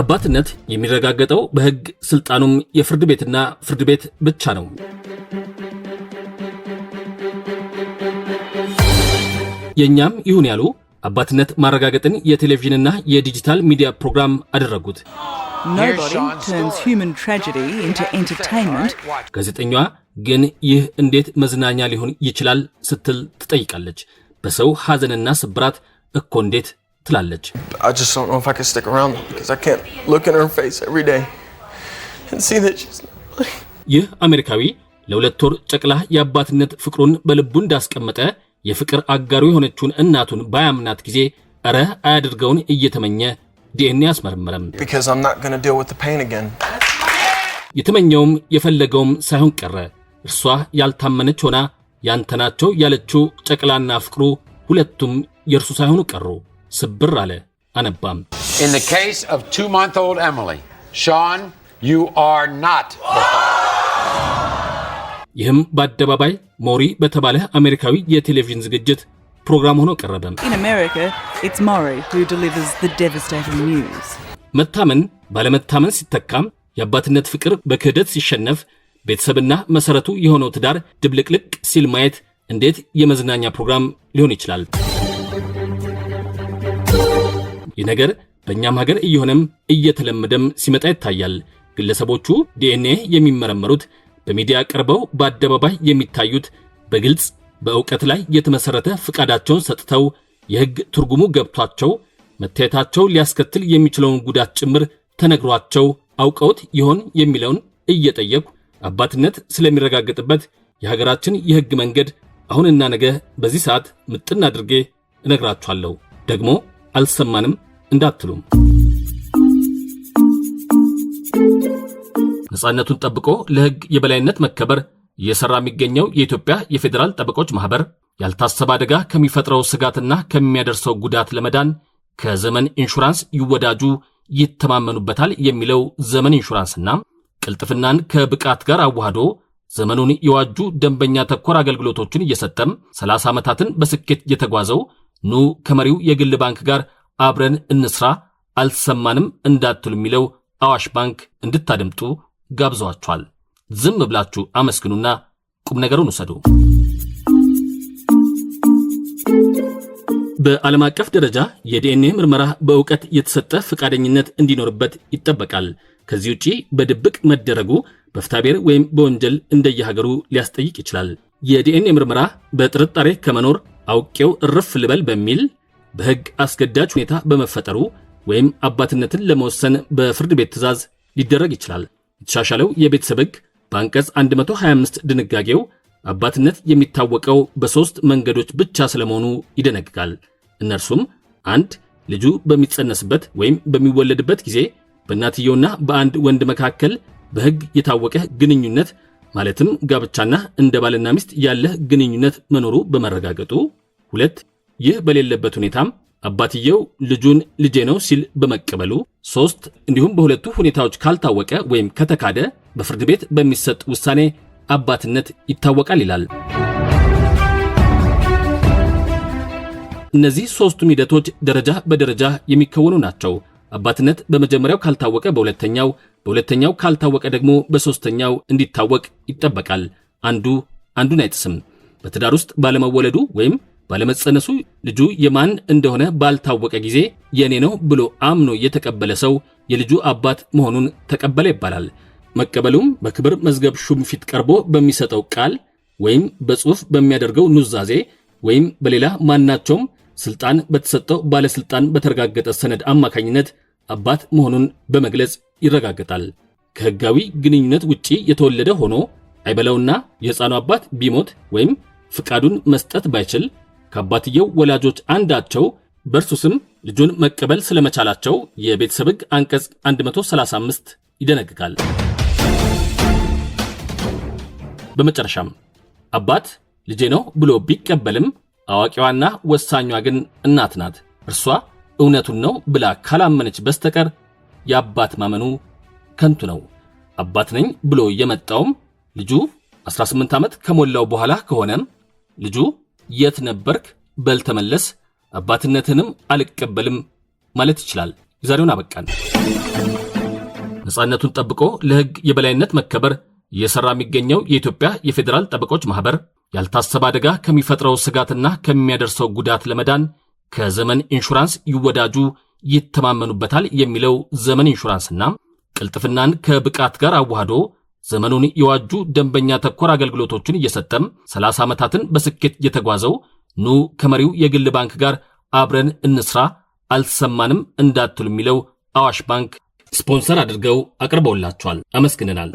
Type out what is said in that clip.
አባትነት የሚረጋገጠው በህግ ስልጣኑም የፍርድ ቤትና ፍርድ ቤት ብቻ ነው። የእኛም ይሁን ያሉ አባትነት ማረጋገጥን የቴሌቪዥንና የዲጂታል ሚዲያ ፕሮግራም አደረጉት። ጋዜጠኛዋ ግን ይህ እንዴት መዝናኛ ሊሆን ይችላል ስትል ትጠይቃለች። በሰው ሐዘንና ስብራት እኮ እንዴት ትላለች። ይህ አሜሪካዊ ለሁለት ወር ጨቅላ የአባትነት ፍቅሩን በልቡ እንዳስቀመጠ የፍቅር አጋሩ የሆነችውን እናቱን ባያምናት ጊዜ እረ አያድርገውን እየተመኘ ዲኤንኤ አስመረመረም። የተመኘውም የፈለገውም ሳይሆን ቀረ። እርሷ ያልታመነች ሆና ያንተ ናቸው ያለችው ጨቅላና ፍቅሩ ሁለቱም የእርሱ ሳይሆኑ ቀሩ። ስብር አለ። አነባም In the case of two-month-old Emily, Sean, you are not ይህም በአደባባይ ሞሪ በተባለ አሜሪካዊ የቴሌቪዥን ዝግጅት ፕሮግራም ሆኖ ቀረበ። መታመን ባለመታመን ሲተካም፣ የአባትነት ፍቅር በክህደት ሲሸነፍ፣ ቤተሰብና መሰረቱ የሆነው ትዳር ድብልቅልቅ ሲል ማየት እንዴት የመዝናኛ ፕሮግራም ሊሆን ይችላል? ይህ ነገር በእኛም ሀገር እየሆነም እየተለመደም ሲመጣ ይታያል። ግለሰቦቹ ዲኤንኤ የሚመረመሩት በሚዲያ ቀርበው በአደባባይ የሚታዩት በግልጽ በእውቀት ላይ የተመሰረተ ፍቃዳቸውን ሰጥተው የሕግ ትርጉሙ ገብቷቸው መታየታቸው ሊያስከትል የሚችለውን ጉዳት ጭምር ተነግሯቸው አውቀውት ይሆን የሚለውን እየጠየቁ አባትነት ስለሚረጋገጥበት የሀገራችን የሕግ መንገድ አሁንና ነገ በዚህ ሰዓት ምጥን አድርጌ እነግራችኋለሁ። ደግሞ አልሰማንም እንዳትሉም ነፃነቱን ጠብቆ ለሕግ የበላይነት መከበር እየሰራ የሚገኘው የኢትዮጵያ የፌዴራል ጠበቆች ማኅበር ያልታሰበ አደጋ ከሚፈጥረው ስጋትና ከሚያደርሰው ጉዳት ለመዳን ከዘመን ኢንሹራንስ ይወዳጁ፣ ይተማመኑበታል የሚለው ዘመን ኢንሹራንስና ቅልጥፍናን ከብቃት ጋር አዋህዶ ዘመኑን የዋጁ ደንበኛ ተኮር አገልግሎቶችን እየሰጠም 30 ዓመታትን በስኬት የተጓዘው ኑ ከመሪው የግል ባንክ ጋር አብረን እንስራ አልሰማንም እንዳትሉ የሚለው አዋሽ ባንክ እንድታደምጡ ጋብዘዋችኋል። ዝም ብላችሁ አመስግኑና ቁም ነገሩን ውሰዱ። በዓለም አቀፍ ደረጃ የዲኤንኤ ምርመራ በእውቀት የተሰጠ ፈቃደኝነት እንዲኖርበት ይጠበቃል። ከዚህ ውጪ በድብቅ መደረጉ በፍትሐብሔር ወይም በወንጀል እንደየሀገሩ ሊያስጠይቅ ይችላል። የዲኤንኤ ምርመራ በጥርጣሬ ከመኖር አውቄው እርፍ ልበል በሚል በሕግ አስገዳጅ ሁኔታ በመፈጠሩ ወይም አባትነትን ለመወሰን በፍርድ ቤት ትዕዛዝ ሊደረግ ይችላል። የተሻሻለው የቤተሰብ ሕግ በአንቀጽ 125 ድንጋጌው አባትነት የሚታወቀው በሦስት መንገዶች ብቻ ስለመሆኑ ይደነግጋል። እነርሱም አንድ ልጁ በሚጸነስበት ወይም በሚወለድበት ጊዜ በእናትየውና በአንድ ወንድ መካከል በሕግ የታወቀ ግንኙነት ማለትም ጋብቻና እንደ ባልና ሚስት ያለህ ግንኙነት መኖሩ በመረጋገጡ፣ ሁለት ይህ በሌለበት ሁኔታም አባትየው ልጁን ልጄ ነው ሲል በመቀበሉ፣ ሶስት እንዲሁም በሁለቱ ሁኔታዎች ካልታወቀ ወይም ከተካደ በፍርድ ቤት በሚሰጥ ውሳኔ አባትነት ይታወቃል ይላል። እነዚህ ሦስቱም ሂደቶች ደረጃ በደረጃ የሚከወኑ ናቸው። አባትነት በመጀመሪያው ካልታወቀ በሁለተኛው፣ በሁለተኛው ካልታወቀ ደግሞ በሦስተኛው እንዲታወቅ ይጠበቃል። አንዱ አንዱን አይጥስም። በትዳር ውስጥ ባለመወለዱ ወይም ባለመጸነሱ ልጁ የማን እንደሆነ ባልታወቀ ጊዜ የእኔ ነው ብሎ አምኖ የተቀበለ ሰው የልጁ አባት መሆኑን ተቀበለ ይባላል። መቀበሉም በክብር መዝገብ ሹም ፊት ቀርቦ በሚሰጠው ቃል ወይም በጽሑፍ በሚያደርገው ኑዛዜ ወይም በሌላ ማናቸውም ስልጣን በተሰጠው ባለስልጣን በተረጋገጠ ሰነድ አማካኝነት አባት መሆኑን በመግለጽ ይረጋገጣል። ከህጋዊ ግንኙነት ውጪ የተወለደ ሆኖ አይበለውና የሕፃኑ አባት ቢሞት ወይም ፍቃዱን መስጠት ባይችል ከአባትየው ወላጆች አንዳቸው በእርሱ ስም ልጁን መቀበል ስለመቻላቸው የቤተሰብ ሕግ አንቀጽ 135 ይደነግጋል። በመጨረሻም አባት ልጄ ነው ብሎ ቢቀበልም አዋቂዋና ወሳኟ ግን እናት ናት። እርሷ እውነቱን ነው ብላ ካላመነች በስተቀር የአባት ማመኑ ከንቱ ነው። አባት ነኝ ብሎ የመጣውም ልጁ 18 ዓመት ከሞላው በኋላ ከሆነም ልጁ የት ነበርክ በል ተመለስ፣ አባትነትንም አልቀበልም ማለት ይችላል። የዛሬውን አበቃን። ነፃነቱን ጠብቆ ለሕግ የበላይነት መከበር እየሰራ የሚገኘው የኢትዮጵያ የፌዴራል ጠበቆች ማኅበር ያልታሰበ አደጋ ከሚፈጥረው ስጋትና ከሚያደርሰው ጉዳት ለመዳን ከዘመን ኢንሹራንስ ይወዳጁ፣ ይተማመኑበታል የሚለው ዘመን ኢንሹራንስና ቅልጥፍናን ከብቃት ጋር አዋህዶ ዘመኑን የዋጁ ደንበኛ ተኮር አገልግሎቶችን እየሰጠም 30 ዓመታትን በስኬት የተጓዘው ኑ ከመሪው የግል ባንክ ጋር አብረን እንስራ፣ አልሰማንም እንዳትሉ የሚለው አዋሽ ባንክ ስፖንሰር አድርገው አቅርበውላቸዋል። አመስግነናል።